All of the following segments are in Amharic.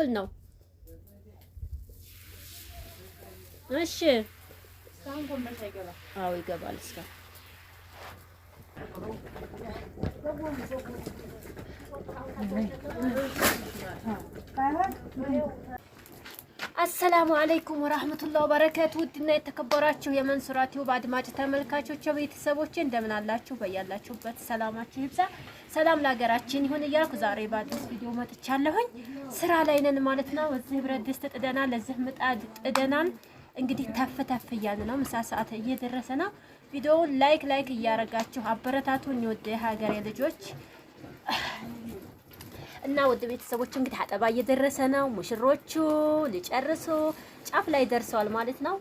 ደውል ነው። እሺ አዎ ይገባል። እስካ አሰላሙ አለይኩም ወራህመቱላሂ ወበረካቱ። ውድና የተከበራችሁ የመንሱራ ቲዩብ አድማጭ ተመልካቾች ቤተሰቦቼ እንደምን አላችሁ? በያላችሁበት ሰላማችሁ ይብዛ። ሰላም ለሀገራችን ይሁን እያልኩ ዛሬ በአዲስ ቪዲዮ መጥቻለሁኝ። ስራ ላይ ነን ማለት ነው። እዚህ ብረት ድስት ጥደናል፣ እዚህ ምጣድ ጥደናል። እንግዲህ ተፍ ተፍ እያልን ነው። ምሳ ሰዓት እየደረሰ ነው። ቪዲዮውን ላይክ ላይክ እያረጋችሁ አበረታቱን። የወደ የሀገሬ ልጆች እና ውድ ቤተሰቦች እንግዲህ አጠባ እየደረሰ ነው። ሙሽሮቹ ሊጨርሱ ጫፍ ላይ ደርሰዋል ማለት ነው።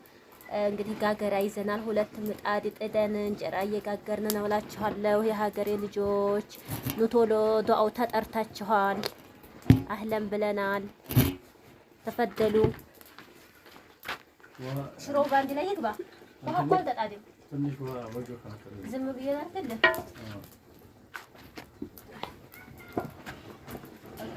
እንግዲህ ጋገራ ይዘናል። ሁለት ምጣድ ጥደን እንጀራ እየጋገርን ነው እላችኋለሁ። የሀገሬ ልጆች ኑ ቶሎ፣ ዱአው ተጠርታችኋል። አህለን ብለናል። ተፈደሉ። ሽሮ ባንድ ላይ ይግባ። ዝም ብዬ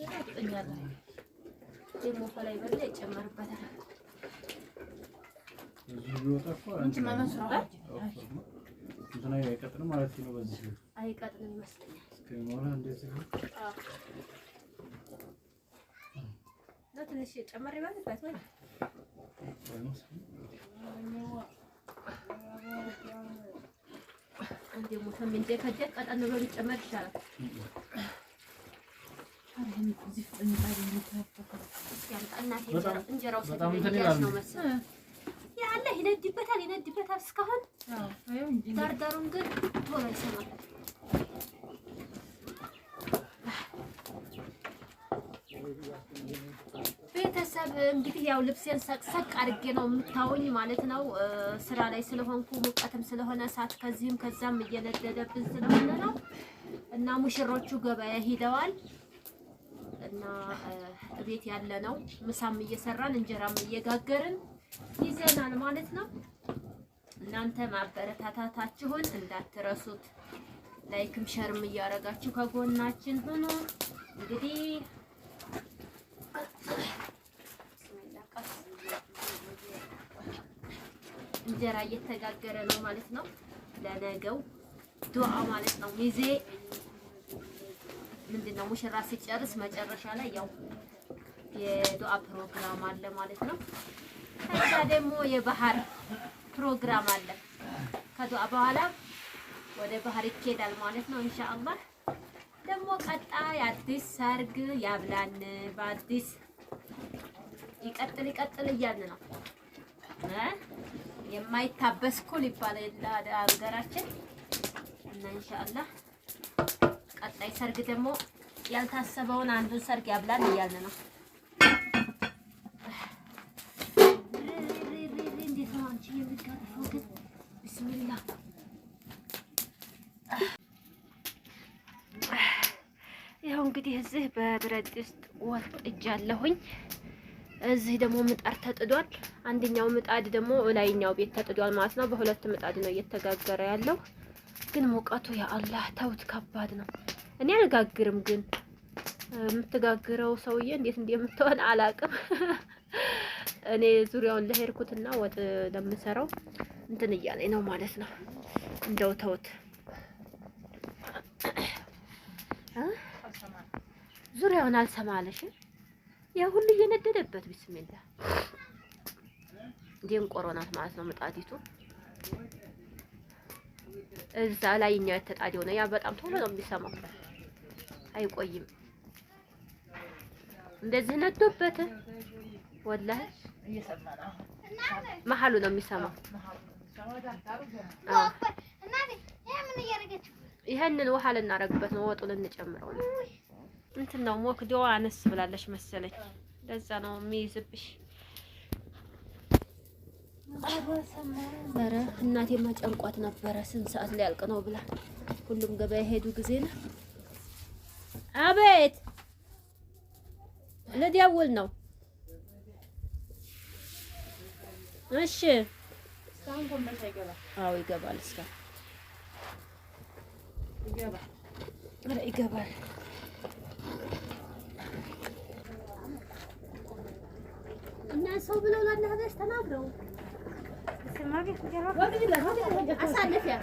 ጥኛለ ደግሞ ከላይ በላ ይጨመርበታል። ትንሽ ጨመር ይበልበት ወይ እንደ ቀጠን ብሎ ይሻላል። ያለ ይነድበታል ይነድበታል። እስካሁን ዳርዳሩን ግን ቶሎ ይሰማል። ቤተሰብ እንግዲህ ያው ልብሴን ሰቅሰቅ አድርጌ ነው የምታወኝ ማለት ነው። ስራ ላይ ስለሆንኩ ሙቀትም ስለሆነ እሳት ከዚህም ከዛም እየነደደብን ስለሆነ ነው እና ሙሽሮቹ ገበያ ሂደዋል። እና ቤት ያለ ነው። ምሳም እየሰራን እንጀራም እየጋገርን ይዘናል ማለት ነው። እናንተ ማበረታታታችሁን እንዳትረሱት። ላይክም ሸርም እያደረጋችሁ ከጎናችን ሁኑ። እንግዲህ እንጀራ እየተጋገረ ነው ማለት ነው። ለነገው ዱዓ ማለት ነው ሚዜ ምንድነው ሙሽራ ሲጨርስ መጨረሻ ላይ ያው የዱዓ ፕሮግራም አለ ማለት ነው። ከዛ ደግሞ የባህር ፕሮግራም አለ። ከዱዓ በኋላ ወደ ባህር ይኬዳል ማለት ነው። ኢንሻአላህ ደግሞ ቀጣይ አዲስ ሰርግ ያብላን በአዲስ ይቀጥል ይቀጥል እያልን ነው። የማይታበስ ኩል ይባላል ሀገራችን እና ኢንሻአላህ ቀጣይ ሰርግ ደግሞ ያልታሰበውን አንዱን ሰርግ ያብላን እያልን ነው። ያው እንግዲህ እዚህ በብረት ድስት ወጥ እጃለሁኝ። እዚህ ደግሞ ምጣድ ተጥዷል። አንደኛው ምጣድ ደግሞ ላይኛው ቤት ተጥዷል ማለት ነው። በሁለት ምጣድ ነው እየተጋገረ ያለው። ግን ሙቀቱ ያ ተውት፣ ከባድ ነው። እኔ አልጋግርም፣ ግን የምትጋግረው ሰውዬ እንዴት እንደምትሆን አላውቅም እኔ ዙሪያውን ለሄድኩትና ወጥ ለምሰራው እንትን እያለኝ ነው ማለት ነው። እንደው ተውት፣ ዙሪያውን አልሰማለሽ። ያ ሁሉ እየነደደበት ቢስሚላ ዲን ናት ማለት ነው ምጣዲቱ እዛ ላይኛው የተጣደው ነው። ያ በጣም ቶሎ ነው የሚሰማው። አይቆይም። እንደዚህ ነዶበት ወላሂ መሀሉ ነው የሚሰማው። ይህንን ውሃ ልናደርግበት ነው፣ ወጡ ልንጨምረው ነው። እንትን ነው ሞክዲዋ አነስ ብላለች መሰለኝ፣ ለዛ ነው የሚይዝብሽ። ኧረ እናቴማ ጨንቋት ነበረ ስንት ሰዓት ሊያልቅ ነው ብላ ሁሉም ገበያ ሄዱ ጊዜ ነው። أبيت لا دي أولنا ماشي استعملكم ماشي إجابة أو إجابة الناس هو بالأولاد لهذا استناقروا ما بيخدي ما بيخدي أسعى نفيا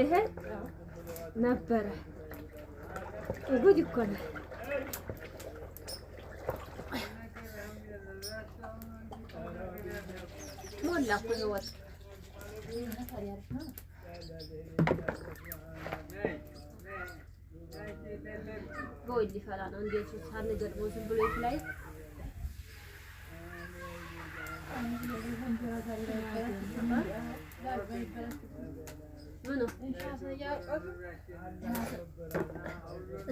ይሄ ነበረ። ጉድ እኮ ነው። ሞላ እኮ ነው ወጥ ጎል ነው። እንዴት ሳንገድሞ ዝም ብሎ ይፍላይ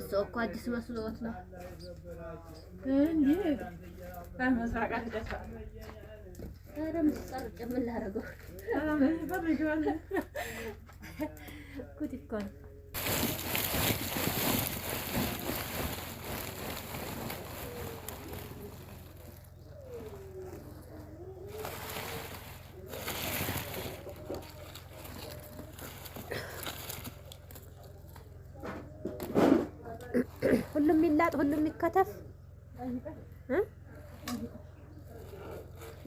እሱ እኮ አዲስ መስሎት ነው እንዴ? ምን ላደርገው? ጉድ እኮ ነው። ሁሉም ይላጥ፣ ሁሉም ይከተፍ።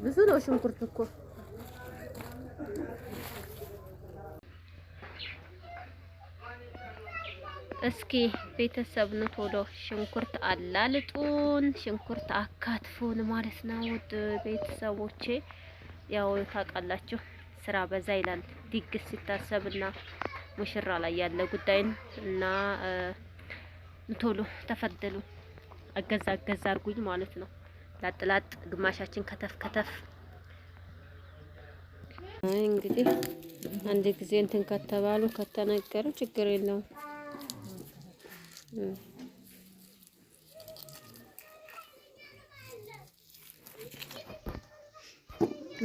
ብዙ ነው ሽንኩርት እኮ። እስኪ ቤተሰብ ነው ቶሎ ሽንኩርት አላልጡን፣ ሽንኩርት አካትፉን ማለት ነው። ውድ ቤተሰቦቼ ያው ታውቃላችሁ ስራ በዛ ይላል ድግስ ሲታሰብና ሙሽራ ላይ ያለ ጉዳይን እና ቶሎ ተፈደሉ አገዛ አገዛ አርጉኝ ማለት ነው። ላጥላጥ ግማሻችን ከተፍ ከተፍ እንግዲህ አንድ ጊዜ እንትን ከተባሉ ከተነገሩ ችግር የለውም።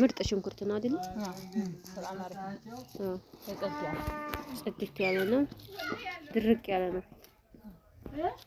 ምርጥ ሽንኩርት ነው አይደል? ጽድት ያለ ነው፣ ድርቅ ያለ ነው። 诶